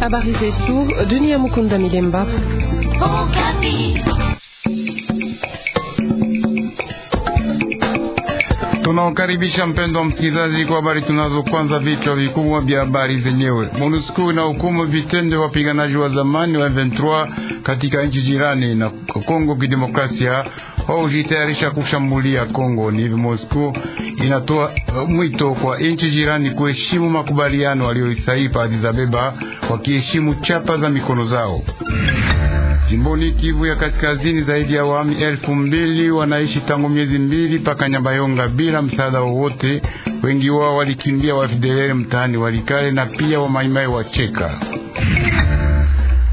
Habari zetu dunia. Mukunda Milemba. Tunaokaribisha mpendo wa msikilizaji kwa habari tunazo. Kwanza vichwa vikubwa vya habari zenyewe. MONUSCO na hukumu vitendo vya wapiganaji wa zamani wa M23 katika nchi jirani na Kongo Kidemokrasia waujitayarisha kushambulia Kongo. Ni hivi Moscow inatoa uh, mwito kwa nchi jirani kuheshimu makubaliano aliyoisaini pa Addis Ababa, wakiheshimu chapa za mikono zao. Jimboni Kivu ya Kaskazini, zaidi ya wami elfu mbili wanaishi tangu miezi mbili paka Nyabayonga bila msaada wowote. Wengi wao walikimbia wafidelele mtaani Walikale na pia wamaimai wa Cheka.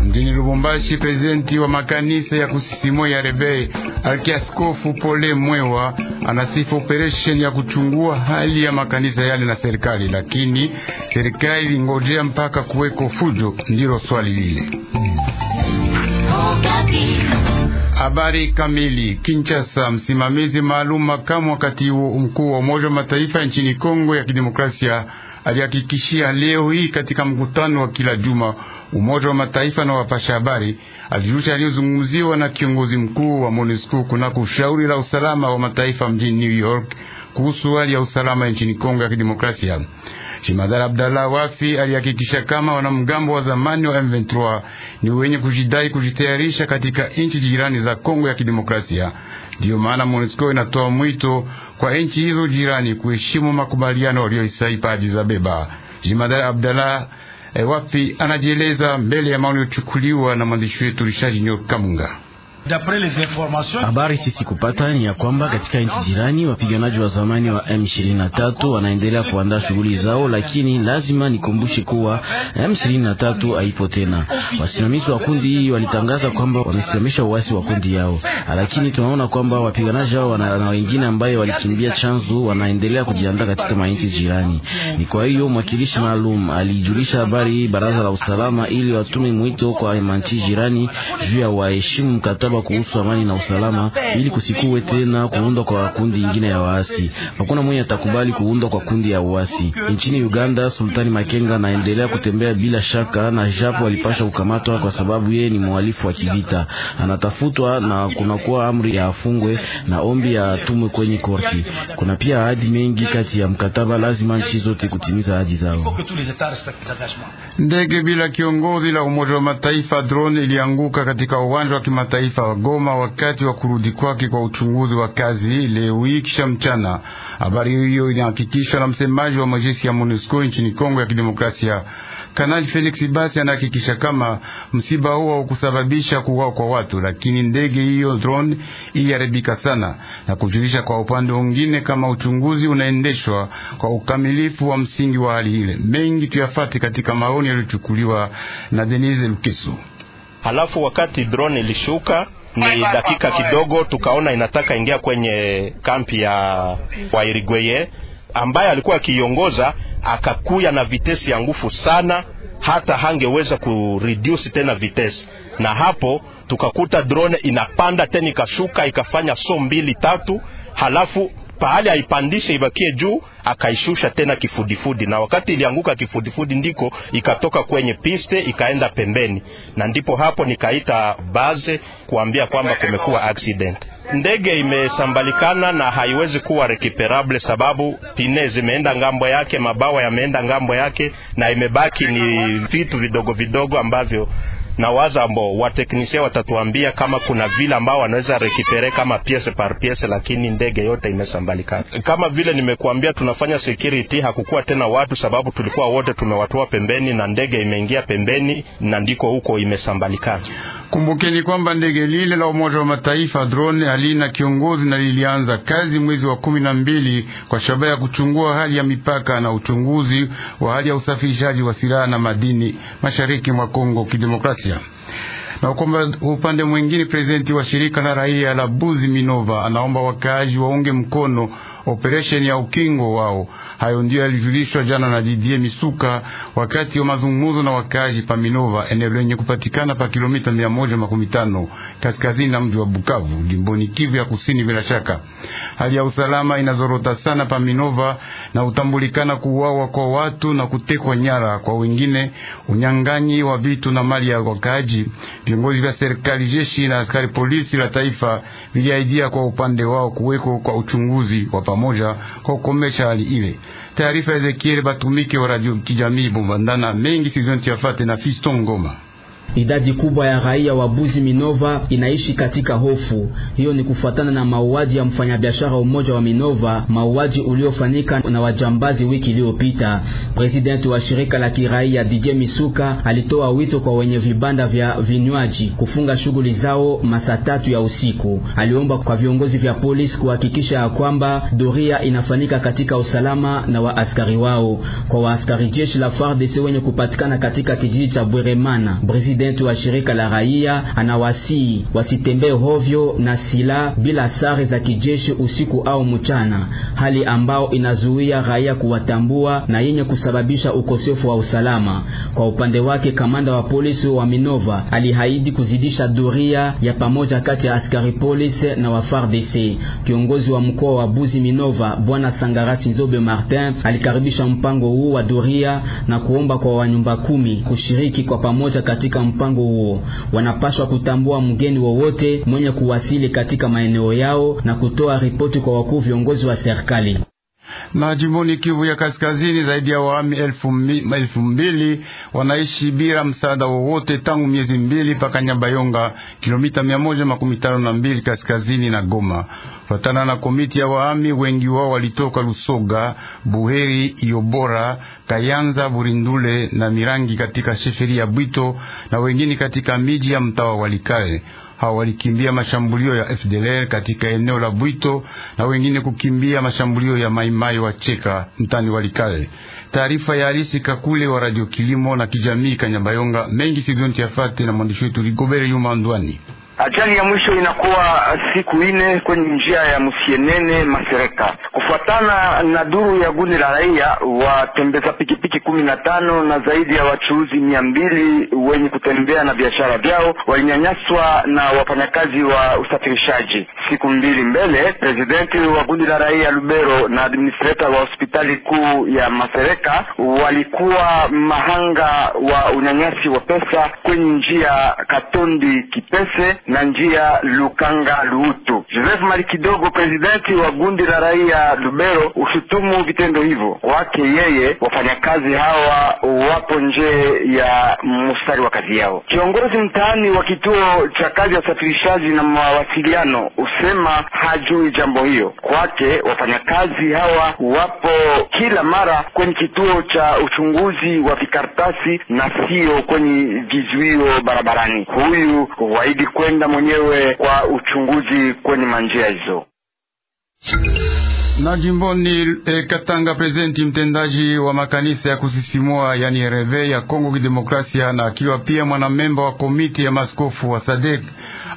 Mjini Lubumbashi, prezidenti wa makanisa ya kusisimo ya Rebei Arkiaskofu Pole Mwewa anasifu operesheni ya kuchungua hali ya makanisa yale na serikali, lakini serikali ingojea mpaka kuweko fujo, ndilo swali lile. Habari kamili. Kinshasa, msimamizi maalum makamu wakati huo mkuu wa Umoja wa Mataifa nchini Kongo ya Kidemokrasia alihakikishia leo hii katika mkutano wa kila juma Umoja wa Mataifa na wapasha habari. Alijulisha aliyozungumziwa na kiongozi mkuu wa MONUSCO kunako shauri la usalama wa mataifa mjini New York kuhusu hali ya usalama nchini Kongo ya Kidemokrasia. shimadara Abdallah Wafi alihakikisha kama wanamgambo wa zamani wa M23 ni wenye kujidai kujitayarisha katika nchi jirani za Kongo ya Kidemokrasia Ndiyo maana MONUSCO inatoa mwito kwa nchi hizo jirani kuheshimu makubaliano walioisaipa Addis Ababa. Jimadari Abdallah Ewapi eh, anajieleza mbele ya maoni yochukuliwa na mwandishi wetu Rishaji Nyokamunga. Habari sisi kupata ni ya kwamba katika nchi jirani wapiganaji wa zamani wa M23 wanaendelea kuandaa shughuli zao, lakini lazima nikumbushe kuwa M23 haipo tena. Wasimamizi wa kundi hii walitangaza kwamba wamesimamisha uasi wa kundi yao, lakini tunaona kwamba wapiganaji hao na wengine ambayo walikimbia chanzo wanaendelea kujiandaa katika maiti jirani. Ni kwa hiyo mwakilishi maalum alijulisha habari hii baraza la usalama ili watume mwito kwa manchi jirani juu ya waheshimu mkataba mkataba kuhusu amani na usalama, ili kusikuwe tena kuundwa kwa kundi ingine ya waasi. Hakuna mwenye atakubali kuundwa kwa kundi ya uasi nchini Uganda. Sultani Makenga anaendelea kutembea bila shaka, na japo alipasha kukamatwa kwa sababu yeye ni mhalifu wa kivita, anatafutwa na kunakuwa amri ya afungwe na ombi ya atumwe kwenye korti. Kuna pia ahadi mengi kati ya mkataba, lazima nchi zote kutimiza ahadi zao. Ndege bila kiongozi la Umoja wa Mataifa drone ilianguka katika uwanja wa kimataifa taifa wa Goma wakati wa kurudi kwake kwa uchunguzi wa kazi leo hii kisha mchana. Habari hiyo inahakikishwa na msemaji wa majeshi ya MONUSCO nchini Kongo ya Kidemokrasia, Kanali Felix Basi anahakikisha kama msiba huo haukusababisha kuuawa kwa watu, lakini ndege hiyo drone iliharibika sana, na kujulisha kwa upande mwingine kama uchunguzi unaendeshwa kwa ukamilifu wa msingi wa hali ile. Mengi tuyafate katika maoni yaliyochukuliwa na Denise Lukeso halafu wakati drone ilishuka ni dakika kidogo, tukaona inataka ingia kwenye kampi ya Wairigweye ambaye alikuwa akiongoza akakuya na vitesi ya nguvu sana, hata hangeweza kureduce tena vitesi, na hapo tukakuta drone inapanda tena ikashuka ikafanya so mbili tatu, halafu pahali aipandishe ibakie juu, akaishusha tena kifudifudi, na wakati ilianguka kifudifudi ndiko ikatoka kwenye piste ikaenda pembeni, na ndipo hapo nikaita baze kuambia kwamba kumekuwa accident. Ndege imesambalikana na haiwezi kuwa recuperable, sababu pine zimeenda ngambo yake, mabawa yameenda ngambo yake, na imebaki ni vitu vidogo vidogo ambavyo na waza ambao wateknisia watatuambia kama kuna vile ambao wanaweza rekipere kama piece par piece, lakini ndege yote imesambalikana. Kama vile nimekuambia, tunafanya security, hakukuwa tena watu sababu tulikuwa wote tumewatoa pembeni na ndege imeingia pembeni, na ndiko huko imesambalikana. Kumbukeni kwamba ndege lile la Umoja wa Mataifa drone halina kiongozi na lilianza kazi mwezi wa kumi na mbili kwa shabaha ya kuchungua hali ya mipaka na uchunguzi wa hali ya usafirishaji wa silaha na madini mashariki mwa Kongo Kidemokrasia demokrasia. Na kwa upande mwingine, prezidenti wa shirika la raia la Buzi Minova anaomba wakaaji waunge mkono operesheni ya ukingo wao. Hayo ndiyo yalijulishwa jana na Didier Misuka wakati wa mazungumzo na wakaji pa Minova, eneo lenye kupatikana pa kilomita mia moja makumi tano kaskazini na mji wa Bukavu, jimboni Kivu ya Kusini. Bila shaka hali ya usalama inazorota sana pa Minova na utambulikana kuuawa kwa watu na kutekwa nyara kwa wengine, unyang'anyi wa vitu na mali ya wakaaji. Viongozi vya serikali, jeshi na askari polisi la taifa viliaidia kwa upande wao kuweko kwa uchunguzi wa pamoja kwa kukomesha hali ile. Taarifa ya Ezekiel Batumike wa radio kijamii Bombandana mengi sizonti yafate na Fiston Ngoma. Idadi kubwa ya raia wa Buzi Minova inaishi katika hofu. Hiyo ni kufuatana na mauaji ya mfanyabiashara mmoja wa Minova, mauaji uliofanyika na wajambazi wiki iliyopita. Presidenti wa shirika la kiraia DJ Misuka alitoa wito kwa wenye vibanda vya vinywaji kufunga shughuli zao masaa tatu ya usiku. Aliomba kwa viongozi vya polisi kuhakikisha ya kwamba doria inafanyika katika usalama na waaskari wao. Kwa waaskari jeshi la FARDC wenye kupatikana katika kijiji cha Bweremana, Presidenti presidenti wa shirika la raia anawasii wasitembee hovyo na sila bila sare za kijeshi usiku au mchana, hali ambao inazuia raia kuwatambua na yenye kusababisha ukosefu wa usalama. Kwa upande wake, kamanda wa polisi wa Minova alihaidi kuzidisha doria ya pamoja kati ya askari polisi na wa FARDC. Kiongozi wa mkoa wa Buzi Minova Bwana Sangarasi Nzobe Martin alikaribisha mpango huu wa doria na kuomba kwa wanyumba kumi kushiriki kwa pamoja katika mpango huo. Wanapaswa kutambua mgeni wowote mwenye kuwasili katika maeneo yao na kutoa ripoti kwa wakuu viongozi wa serikali na jimboni Kivu ya Kaskazini, zaidi ya wahami elfu mbili wanaishi bila msaada wowote tangu miezi mbili mpaka Nyabayonga, kilomita mia moja makumi tano na mbili kaskazini na Goma. Fatana na komiti ya wahami, wengi wao walitoka Lusoga, Buheri, iobora Kayanza, Burindule na Mirangi katika sheferi ya Bwito na wengine katika miji ya mtawa Walikale hao walikimbia mashambulio ya FDLR katika eneo la Bwito na wengine kukimbia mashambulio ya Maimai wa Cheka mtani Walikale. Taarifa ya Alisi Kakule wa Radio Kilimo na Kijamii Kanyabayonga mengi sivyo ntiafati na mwandishi wetu Rigobert Yuma Ndwani. Ajali ya mwisho inakuwa siku nne kwenye njia ya Musienene Masereka. Kufuatana na duru ya gundi la raia, watembeza pikipiki kumi na tano na zaidi ya wachuuzi mia mbili wenye kutembea na biashara vyao walinyanyaswa na wafanyakazi wa usafirishaji. Siku mbili mbele, presidenti wa gundi la raia Lubero na administrator wa hospitali kuu ya Masereka walikuwa mahanga wa unyanyasi wa pesa kwenye njia Katondi Kipese na njia Lukanga Luutu. Joseph mari Kidogo, presidenti wa gundi la raia Lubero, ushutumu vitendo hivyo. Kwake yeye, wafanyakazi hawa wapo nje ya mstari wa kazi yao. Kiongozi mtaani wa kituo cha kazi ya usafirishaji na mawasiliano usema hajui jambo hiyo. Kwake wafanyakazi hawa wapo kila mara kwenye kituo cha uchunguzi wa vikartasi na sio kwenye vizuio barabarani. Huyu waidi kwenye kujilinda mwenyewe kwa uchunguzi kwenye manjia hizo. Na jimboni eh, Katanga, prezidenti mtendaji wa makanisa ya kusisimua yani Reve ya Kongo Kidemokrasia, na akiwa pia mwanamemba wa komiti ya maskofu wa Sadek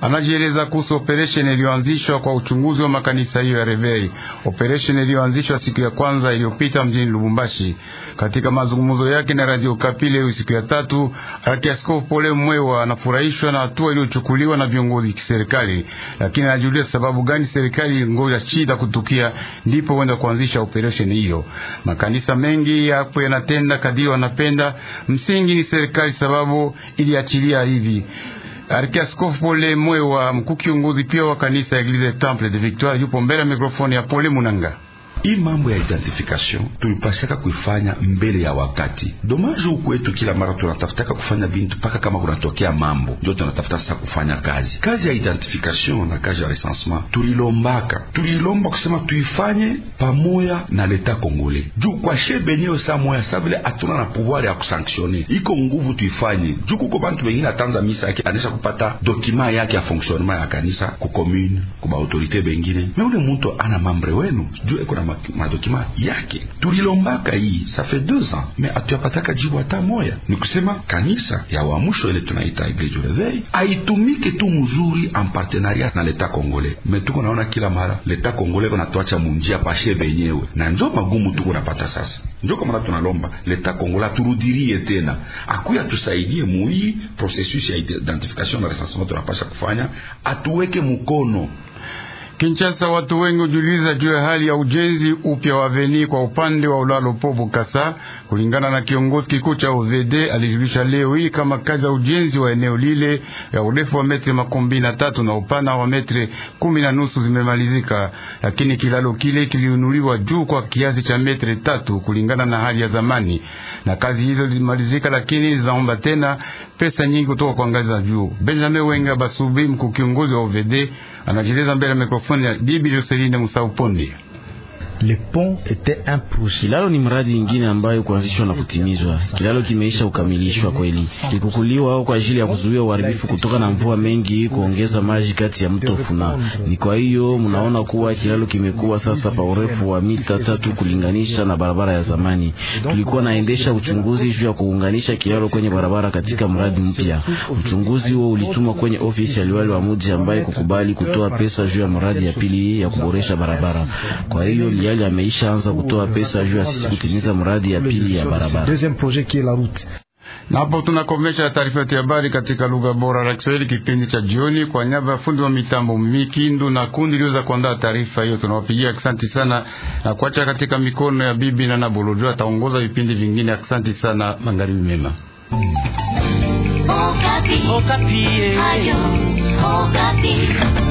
anajieleza kuhusu operesheni iliyoanzishwa kwa uchunguzi wa makanisa hiyo ya Revei, operesheni iliyoanzishwa siku ya kwanza iliyopita mjini Lubumbashi. Katika mazungumzo yake na Radio Kapile siku ya tatu, Arkiaskofu Pole Mwewa anafurahishwa na hatua iliyochukuliwa na viongozi kiserikali, lakini anajiuliza sababu gani serikali ngoja shida kutukia ndipo wenda kuanzisha operesheni hiyo. Makanisa mengi hapo yanatenda kadiri wanapenda, msingi ni serikali sababu iliachilia hivi Arkiaskofu Pole Mwewa, mkuu kiongozi pia wa kanisa ya Eglise Temple de Victoire, yupo mbele ya mikrofoni ya Pole Munanga. Hii mambo ya identification tulipashaka kuifanya mbele ya wakati. Domaji ukwetu, kila mara tunatafutaka kufanya bintu mpaka kama kunatokea mambo, ndio tunatafuta sasa kufanya kazi. Kazi ya identification na kazi ya recensement tulilombaka, tulilomba kusema tuifanye pamoya na leta Kongole juu kwa shebe nyewe saa moya saa vile hatuna na pouvoir ya kusanktione, iko nguvu tuifanye juu kuko bantu bengine atanza misa yake anaisha kupata dokima yake ya fonctionnement ya kanisa ku commune ku ba autorité bengine, me ule muntu ana mambre wenu juu eko na madokima yake. Tulilombaka hii safe deux ans me atuyapataka jibu hata moya. Ni kusema kanisa ya wamusho ile tunaita Eglise du Reveil aitumike tu mzuri en partenariat na leta Kongole, me tuko naona kila mara leta Kongole ko munjia pashe benyewe, na njo magumu tuko napata sasa. Njo kwa maana tunalomba leta Kongole aturudirie tena, akuya tusaidie muii processus ya identification na recensement tunapasha kufanya, atuweke mukono Kinshasa, watu wengi hujiuliza juu ya hali ya ujenzi upya wa veni kwa upande wa ulalo povu Kasa. Kulingana na kiongozi kikuu cha OVD, alijulisha leo hii kama kazi ya ujenzi wa eneo lile ya urefu wa metri makumi na tatu na upana wa metri kumi na nusu zimemalizika, lakini kilalo kile kiliunuliwa juu kwa kiasi cha metri tatu kulingana na hali ya zamani, na kazi hizo zimemalizika, lakini zaomba tena pesa nyingi kutoka kwa ngazi za juu. Benjamin Wenga Basubi, mkuu kiongozi wa OVD, anajieleza mbele ya mikrofoni mikrofoni ya Bibi Joseline Musaupondi. Le pont était un projet. Kilalo ni mradi ingine ambayo kuanzishwa na kutimizwa. Kilalo kimeisha ukamilishwa kweli, likukuliwa au kwa ajili ya kuzuia uharibifu kutoka na mvua mengi kuongeza maji kati ya mto Funa. Ni kwa hiyo mnaona kuwa kilalo kimekuwa sasa pa urefu wa mita tatu kulinganisha na barabara ya zamani. Tulikuwa naendesha uchunguzi juu ya kuunganisha kilalo kwenye barabara katika mradi mpya. Uchunguzi huo ulitumwa kwenye ofisi ya liwali wa mji ambaye kukubali kutoa pesa juu ya mradi ya pili ya kuboresha barabara. Kwa hiyo Kigali ameishaanza kutoa pesa juu ya sisi kutimiza mradi ya pili ya barabara. Na hapo tunakomesha taarifa yetu ya habari katika lugha bora la Kiswahili kipindi cha jioni. Kwa niaba ya fundi wa mitambo Mikindu na kundi liweza kuandaa taarifa hiyo, tunawapigia asante sana na kuacha katika mikono ya bibi na Nabuludu ataongoza vipindi vingine. Asante sana, magharibi mema. Okapi. Okapi. Ayo. Okapi.